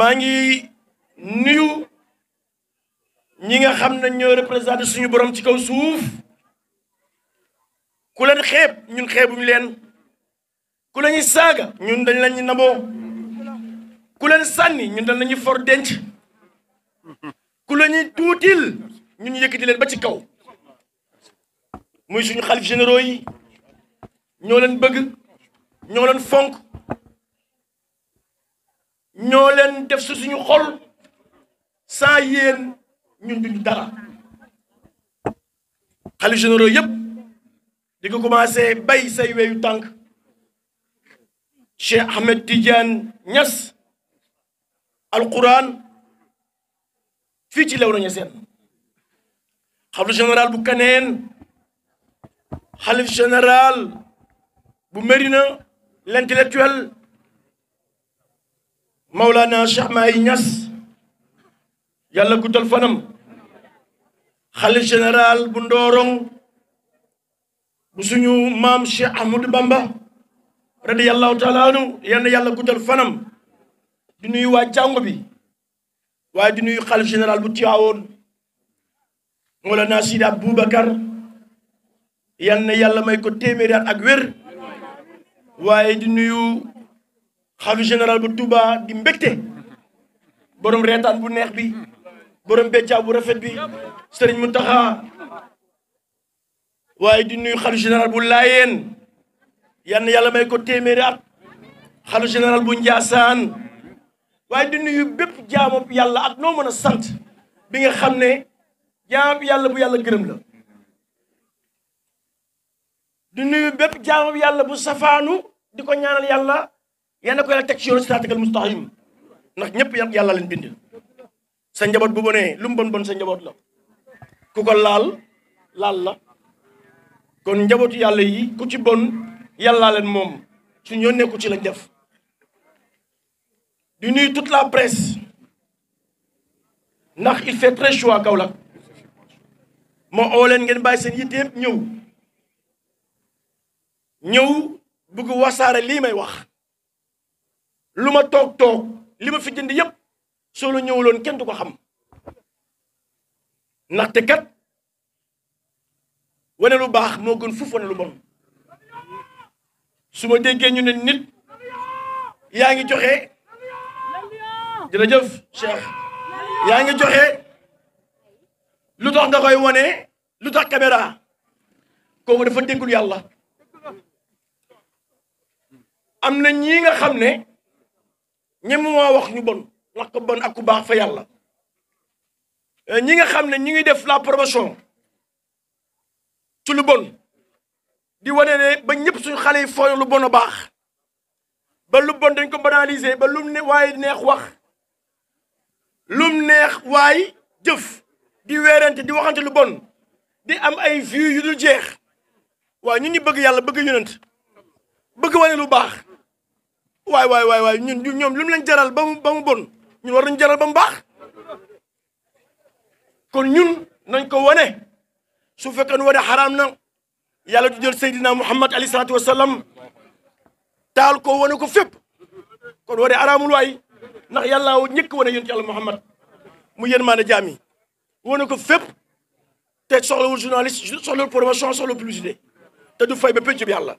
maa ngi nuyu ñi nga xam na ñoo représenté suñu borom ci kaw suuf ku leen xeeb ñun xeebuñu leen ku lañuy saaga ñun dañ lañuy naboo ku leen sànni ñun dañ lañuy for denc ku lañuy tuutil ñun yëkkati leen ba ci kaw muy suñu xalif généraux yi ñoo leen bëgg ñoo leen fonk ñoo leen def si suñu xol sans yéen ñun duñu dara xalif généraux yëpp di ko commencé bay say weyu tànk Cheikh Ahmed ñas Niass alquran fii ci Léona Niassène xalif général bu Kaneen xalif général bu Mérina l'intellectuel Mawlana Cheikh Mahi Niass yàlla guddal fanam xalif général bu Ndorong bu suñu maam Cheikh Ahmadou Bamba radiyallahu taala anhu yal na yàlla guddal fanam di nuyu waa jàngo bi waa di nuyu xalif général bu Tiwaawoon Mawlana Sidi Aboubacar yal na yàlla may ko téeméeri at ak wér waaye di nuyu. xalu général bu Touba di mbégte borom reetaan bu neex bi borom béccaa bu rafet bi sëriñ Mountakha waaye di nuyu xalu général bu Laayeen yal na yàlla may ko téeméeri at xalu général bu Njaasaan waaye di nuyu bépp jaamab yàlla ak noo mën a sant bi nga xam ne jaamab yàlla bu yàlla gërëm la di nuyu bépp jaamab bu safaanu di ko ñaanal yàlla yalla ko yalla tek ci yoonu siraatal mustaqiim ndax ñëpp yalla lañ bindil sa bu boné lu mbon bon sa la ku ko laal laal la kon njabootu yalla yi ku ci bon yalla lañ mom. su yónnee ku ci lañ def. di nuy toute la presse nak il fait très chaud à Kaolack moo oo ngeen bay seen yitte ñew ñew bëgg wasara li may wax. lu ma toog toog li ma fi jënd yépp soo la ñëwuloon kenn du ko xam ndaxte kat wane lu baax moo gën fuuf wane lu bon su ma déggee ñu ne nit yaa ngi joxe jërëjëf Cheikh yaa ngi joxe lu tax nga koy wane lu tax caméra kooku dafa déggul yàlla am na ñii nga xam ne. ñemuma wax ñu bon lakk bon ak ku baax fa yàlla eh, ñi nga xam ne ñu ngi def la promotion ci lu bon di wane ne ba ñëpp suñ xale yi fooy lu bon a baax ba lu bon dañ ko banaliser ba lu ne waaye neex wax lu neex waay jëf di weerante di waxante lu bon di am ay vues yu dul jeex waaw ñu ñi bëgg yàlla bëgg yonent bëgg wane lu baax waaye waaye waaye waay ñun ñoom lu mu leen jaral ba mu ba mu bon war nañu jaral ba mu baax kon ñun nañ ko wane su fekkee nu wane xaraam na yàlla du jël Seydina Muhammad alayhi salaatu wa salaam taal ko wane ko fépp kon wane araamul waay ndax yàlla ñëkk wane yonent yàlla Muhammad mu yërmaande jaam yi wane ko fépp te soxlawul journaliste soxlawul promotion soxlawul publicité te du fay ba pénc bi yàlla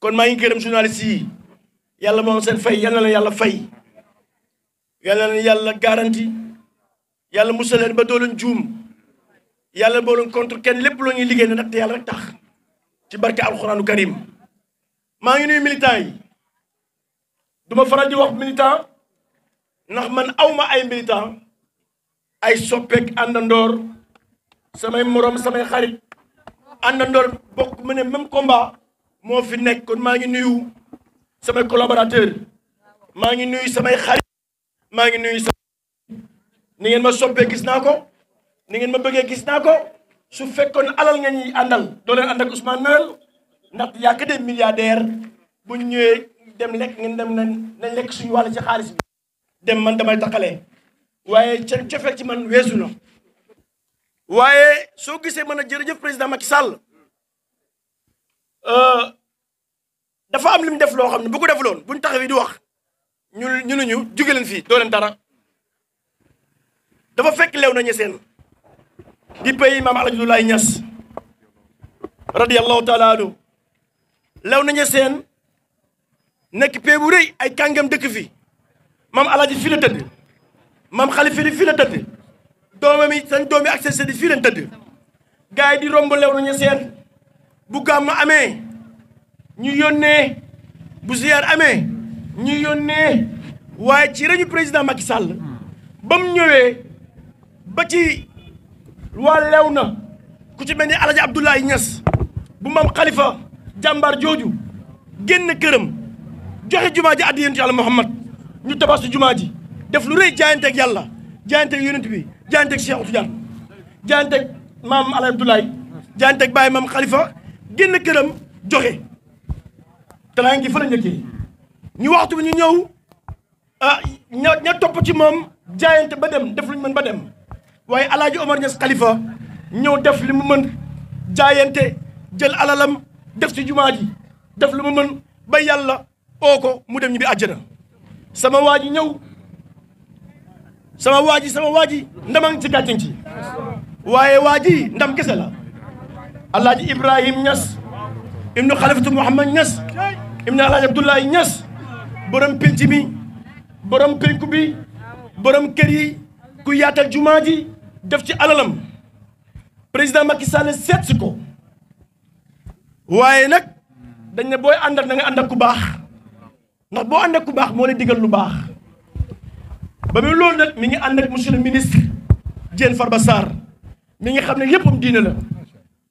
kon maa ngi gërëm journaliste yi. yàlla moom seen fay yal na leen yàlla fay yal na leen yàlla garanti yàlla musal leen ba doo juum yàlla boo contre kenn lépp loo ñuy liggéey na nag te yàlla rek tax ci barke alxuraanu karim maa ngi nuyu militant yi duma faral di wax militant ndax man awma ay militant ay soppeek àndandoor samay moroom samay xarit àndandoor bokk ma ne même komba moo fi nekk kon maa ngi nuyu sama collaborateur ma ngi nuyu sama xarit ma ngi nuyu sama ni ngeen ma soppé gis naa ko ni ngeen ma bëggé gis naa ko su fekkoon alal nga ñuy andal do leen andak Ousmane Mel ndax ya que des milliardaires bu ñëwé dem lek ngeen dem nañ nañ lek suñu wala ci xaaliss bi dem man damay taqalee ci ci cofeek ci man weesu na waaye soo gisee jërëjëf président Macky Sall am def loo xam ne bu ko defaloon buñ taxawee di wax ñu ñu ne jóge leen fii doo leen fekk lew na ñeseen di pays maam Alaaji Abdoulaye Niass radiyallahu taala anhu lew nekk pay rëy ay kàngam dëkk fi maam Alaaji fii la tëdd maam Xalifa fii la tëdd doomam fii leen tëdd gars yi di romb lew na ñeseen bu amee ñu yónnee bu ziar amee ñu yónnee waaye ci reñu président Macky Sall ba mu ñëwee ba ci waa lew na ku ci benn ni Alaaji Abdoulaye Niass bu maam Khalifa jàmbaar jooju génn këram joxe jumaa ji addi yonent yàlla Muhammad ñu tabax su jumaa ji def lu rëy jaayanteeg yàlla jaayanteeg yonent bi jaayanteeg Cheikh Tidiane jaayanteeg maam Alaaji Abdoulaye jaayanteeg bàyyi maam Khalifa génn këram joxe clan gi fa la njëkkee ñu waxtu bi ñu ñëw ah ña topp ci moom jaayante ba dem def lu ñu mën ba dem waaye alaaji Omar Niass Khalifa ñëw def li mu mën jaayante jël alalam def ci jumaa ji def lu mu mën ba yàlla oo mu dem ñibbi àjjana sama waa ji ñëw sama waa ji sama waa ji ndamam ci gàcceñ ci waaye waa ndam kese la alaaji Ibrahim Niass ibnu Khalifatu Muhammad Niass Ibn Alaaji Abdoulaye Niass borom penc mi borom penku bi borom kër yi ku yaatal jumaa ji def ci alalam président Macky Sall seet si ko waaye nag dañ ne booy àndal da àndak ànd ku baax ndax boo ànd ku baax moo lay digal lu baax ba mu loolu nag mi ngi ànd ak ministre le ministre ba sar Sarr mi nga xam ne léppam diine la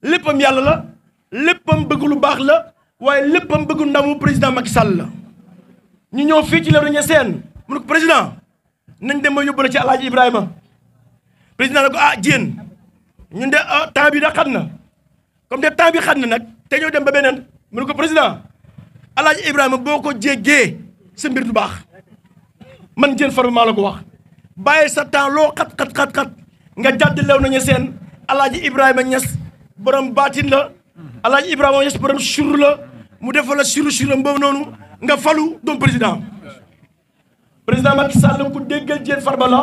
léppam yàlla la léppam bëgg lu baax la waye leppam bëggu ndamu président Macky Sall ñu ñoo fi ci Léona Niassène mu ko président nañ dem ba yobul ci Alhaji Ibrahima président ne ko ah Diène ñun de ah, temps bi da xat comme de temps bi xat nak nag te ñoo dem ba benen mu ko président Alhaji Ibrahima boko ko jéggee sa mbir du bax man Diène Farba ma la ko wax baye sa temps lo xat xat xat xat nga leew Léona Niassène Alhaji Ibrahima Niass borom baatin la Alhaji Ibrahima Niass borom sur la mu defal la suru suram boobu noonu nga falu doon président président Macky Sall ku déggal Diène Farba bala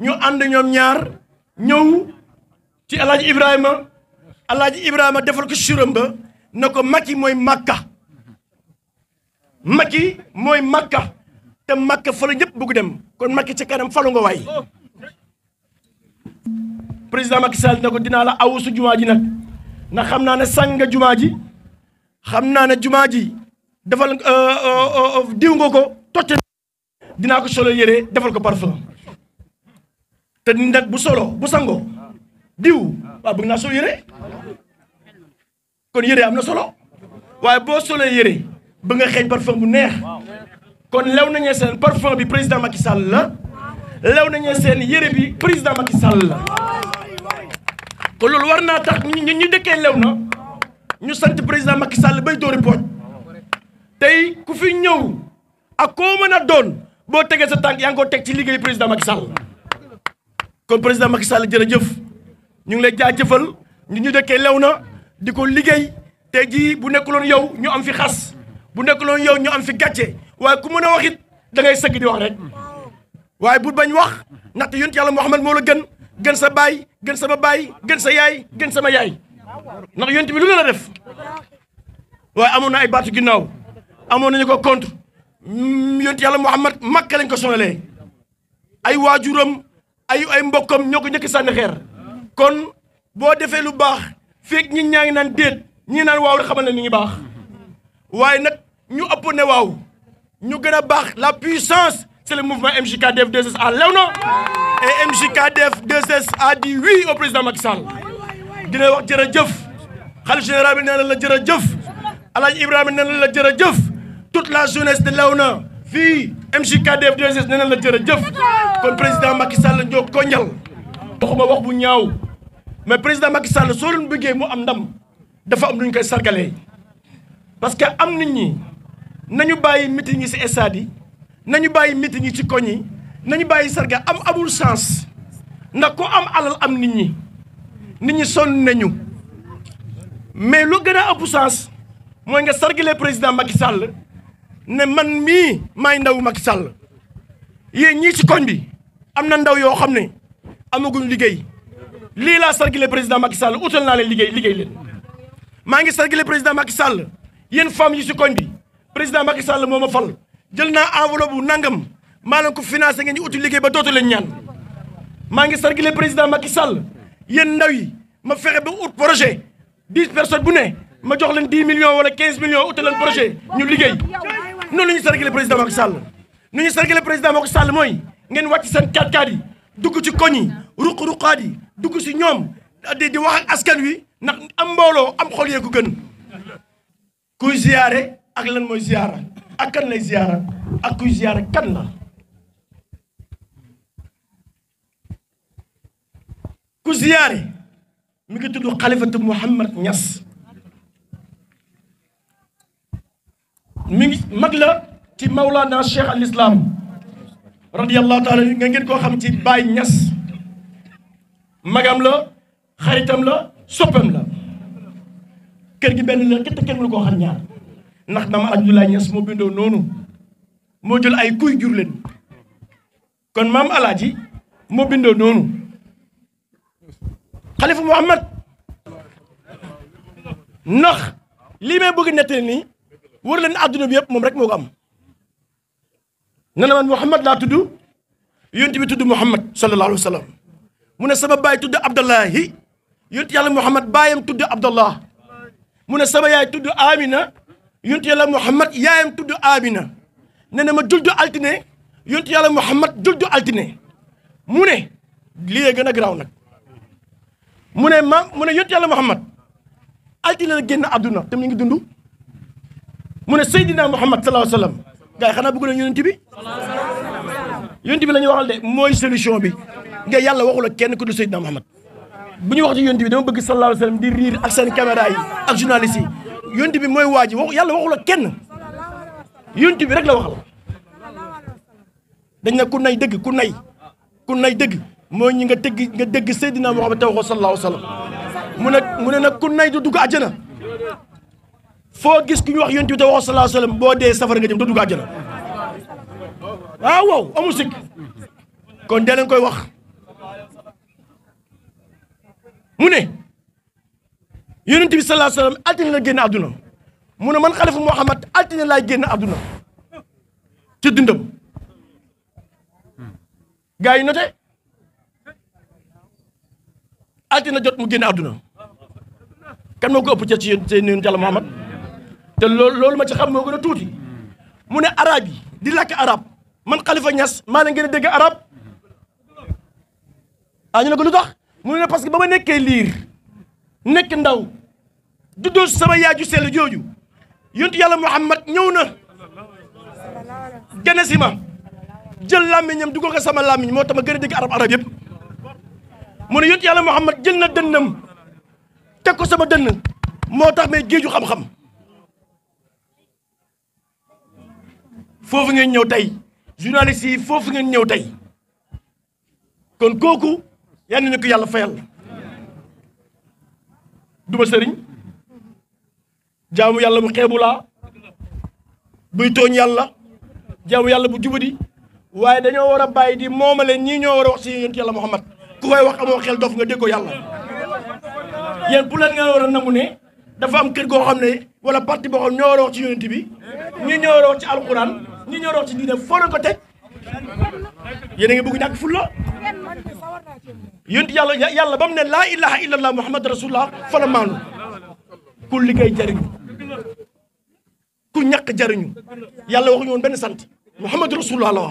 ñu ànd ñoom ñaar ñëw ci El Hadj Ibrahima El Hadj Ibrahima defal ko suram ba na ko Macky mooy Makka Macky mooy Makka te Makka fa la ñëpp dem kon Macky ci kanam falu nga waay président Macky na ko dinaa la awu su jumaa ji nag ndax xam naa ne sàng nga jumaa ji. xam naa ne jumaa ji defal euh, euh, euh, diw nga ko tocc dinaa ko solo yére defal ko parfum te ni nag bu solo bu sango diw waaw bëgg naa solo yére kon yére am na solo waaye boo solo yére ba nga xeeñ parfum bu neex kon lew nañu seen parfum bi président Macky Sall la lew nañu seen yére bi président Macky Sall la kon loolu war naa tax ñu ñu dëkkee lew na ñu sant président Macky Sall bay dóori pooj tey ku fi ñëw ak koo mën a doon boo tegee sa tànk yaa ngi ko teg ci liggéey président Macky Sall kon président Macky Sall jëf ñu ngi lay jaajëfal ñu ñu dekkee lew na di ko liggéey tey jii bu nekk loon yow ñu am fi xas bu nekk nekkuloon yow ñu am fi gàcce waaye ku mën a waxit it da ngay sëgg di wax rek waaye bu bañ wax ndaxte yonent yàlla Muhammad moo la gën gën sa baay gën sama baay gën sa yaay gën sama yaay ndax yonent bi lu ne la def waaye amoon na ay baatu ginnaaw amoon nañu ko contre mm, yonent yàlla Muhammad makk lañ ko sonalee ay waajuram ay ay mbokkam ñoo ko njëkk sànni kon boo defee lu baax feeg ñi ñaa ngi naan déet ñi naan waaw rek xamal ne mi ngi baax waaye nag ñu ëpp ne waaw ñu gën a baax la puissance c'est le mouvement MJKDF 2S na Léona et MJKDF 2S a di oui o président Macky Sall di la wax jërëjëf xalifa général bi nee na la jërëjëf Alaaji Ibrahima nee na la jëf toute la jeunesse de na fii MJKDF DSS nee na la jërëjëf kon président Macky Sall ñoo koñal waxuma wax bu ñaaw mais président Macky Sall soo leen bëggee mu am ndam dafa am lu ñu koy sargalee parce que am nit ñi nañu bàyyi meeting yi ci stade yi nañu bàyyi meeting yi ci koñ yi ñu bàyyi sarga am amul chance ndax ku am alal am nit ñi nit ñi sonn ñu mais lu gën a ëpp sens mooy nga sargale président Macky Sall ne man mii maay ndaw Macky Sall yéen ñii ci koñ bi am na ndaw yoo xam ne am amaguñ liggéey lii laa sargale président Macky Sall utal naa le liggéey liggéey maa ngi sargale président Macky Sall yéen femmes yi ci koñ bi président Macky Sall moo ma fal jël naa enveloppe bu nangam maa leen ko financé ngeen ñu uti liggéey ba dootu leen maa ngi sargale président Macky Sall yéen ndaw yi ma fexe ba ut projet dix personnes bu ne ma jox leen dix millions wala quinze millions utal leen projet ñu liggéey noonu la ñu sargale président Macky Sall nu ñu sargale président Macky Sall mooy ngeen wàcc seen kaat-kaat ci koñ yi ruq-ruqaat yi dugg si ñoom di di wax ak askan wi ndax am mbooloo am xol yee ko gën kuy ziyaare ak lan mooy ziyaara ak kan lay ziyaara ak kuy ziyaara kan la ku ziyaare mi ngi tudd xalifatu Mouhamad Niass mi ngi mag la ci Maulana Cheikh al Islam radiyallahu taala nga ngeen koo xam ci Baye ñas magam la xaritam la soppam la kër gi benn la kette kenn mënu koo xam ñaar ndax dama Abdoulaye Niass moo bindoo noonu moo jël ay kuy jur leen kon maam alaaji moo bindoo noonu xalifa Muhammad ndax lii may bëgg nettali nii wër leen adduna bi yëpp moom rek moo am nana man Muhammad laa tudd yonent bi tudd Muhammad sallallahu sallam mu ne sama baay tudd Abdallahi yonent yàlla Muhammad baayam tudd Abdallah mu ne sama yaay tudd Amina yonent yàlla Muhammad yaayam tudd Amina nee na ma juldu altine yonent yàlla Muhammad juldu altine mu ne lii gën a garaaw nag. mu ne maam mu ne yonent yàlla Muhammad altine génn àdduna te mu ngi dund mu ne Seydina Muhammad salaahu alayhi wa salaam gars yi xanaa bëgg nañu yonent bi yonent bi la ñu waxal de mooy solution bi nga yàlla waxul ak kenn ku dul Seydina Muhammad bu ñu wax ci yonent bi dama bëgg salaahu alayhi wa ak seen caméra yi ak journaliste yi yonent bi mooy waa ji yàlla waxul ak kenn yonent bi rek la waxal dañ ne ku dëgg ku nay ku nay dëgg. mooy ñi nga dégg nga dégg Seydina Muhammad taw ko sallallahu alayhi wa sallam mu ne mu ne nag ku nay du foo gis ki ñu wax yonent bi taw ko wa sallam boo dee safara nga jëm doo dugg àjjana ah, kon dee leen koy wax mu ne yonent altine la génn àdduna mu ne man xalifa Muhammad altine laay génn àdduna ci dundam gaa yi altina jot mu génn àdduna kan moo ko ëpp ca ci yéen seen Muhammad te loolu ma ci xam moo gën a tuuti mu ne arab yi di lakk arab man Khalifa ñas maa leen gën a dégg arab ah ñu ne ko lu tax mu ne parce que ba ma nekkee liir nekk ndaw juddoo sama yaay ju sell jooju yontu yàlla Muhammad ñëw na gane si ma jël làmmiñam dugal ko sama làmmiñ moo tama ma gën a dégg arab arab yëpp. mu ne yonent yàlla Muhammad jël na dënnam teg ko sama dënn moo tax may géeju xam-xam foofu ngeen ñëw tey journaliste yi foofu ngeen ñëw tey kon kooku yal nañu ko yàlla fayal duma sëriñ jaamu yàlla bu xeebu laa buy tooñ yàlla jaamu yàlla bu jubadi waaye dañoo war a bàyyi di moomale ñii ñoo war a wax si yonent yàlla Muhammad ku koy wax amoo xel dof nga déggoo yàlla yéen bu leen ngeen war a nangu ne dafa am kër goo xam ne wala parti boo xam ñoo war bi ñi ñoo war a wax ci alxuraan ñi ñoo war ko teg yéen a ngi bëgg ñàkk fulla yonent yàlla yàlla ba mu ne laa ilaha illallah muhammad rasulullah fa la maanu ku liggéey jariñu ku ñaq jariñu yàlla waxuñu woon benn sant muhammad rasulullah la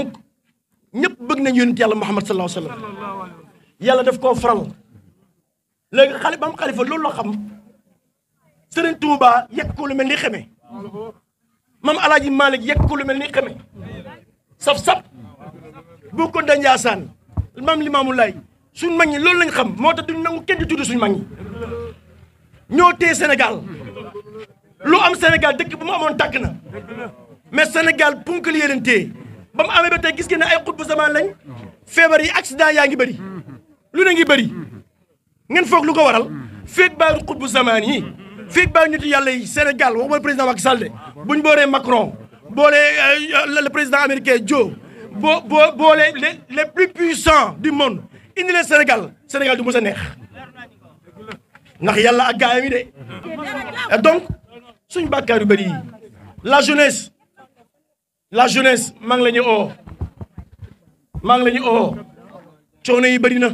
wax ñépp bëgg nañ yonent yàlla Muhammad sallallahu alayhi wa sallam yàlla def koo faral léegi xale ba xalifa loolu la xam sëriñ Touba yegg ko lu mel ni xeme maam El Hadj Malick yegg ko lu mel ni xeme saf-saf bu ko da Njaasaan maam Limaamu Laay suñ mag ñi loolu lañ xam moo tax duñ nangu kenn di tudd suñ mag ñi ñoo téye Sénégal lu am Sénégal dëkk bu mu amoon tàkk na mais Sénégal punkal yéen téye bam mu ba gis ngeen ay xutbu zaman lañ feebar yi accident yaa ngi bëri lu ne ngi bëri ngeen foog lu ko waral feeg baa zaman yi feeg baa ñetti yalla yi Sénégal waxuma président Macky Sall buñ booree Macron boolee euh, le président américain Joe bo bo bo les les plus puissants du monde indi le Sénégal Sénégal du mësa neex ndax yalla ak gaayam yi donc suñ bàkkaar yu la jeunesse la jeunesse man ngi la ñu oo maa ngi la ñu oo coono yi bëri na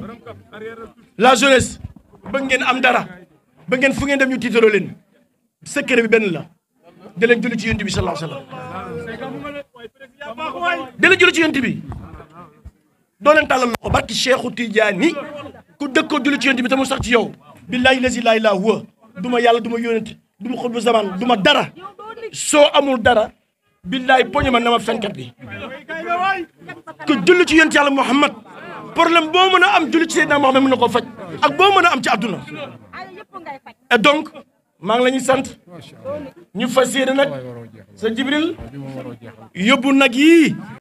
la jeunesse bëgg ngeen am dara ba ngeen fu ngeen dem ñu tiitaroo leen secret bi benn la da leen julli ci yonent bi sallallahu alayhi wasallam da leen julli bi doo leen tàllal loxo barki Cheikhu Tidiane ku dëkkoo julli ci yonent bi te sax ci yow billahi lazi laa ilaaha huwa duma yàlla duma yonent duma xutbu zaman duma dara soo amul dara billaay poñu ma na ma fenkat bi ku julli ci yonent yàlla Muhammad problème boo mën a am julli ci Seydina Muhammad mën na koo faj ak boo mën a am ci àdduna et donc maa ngi la ñuy sant ñu fas yéene nag sa Jibril yóbbu nag yii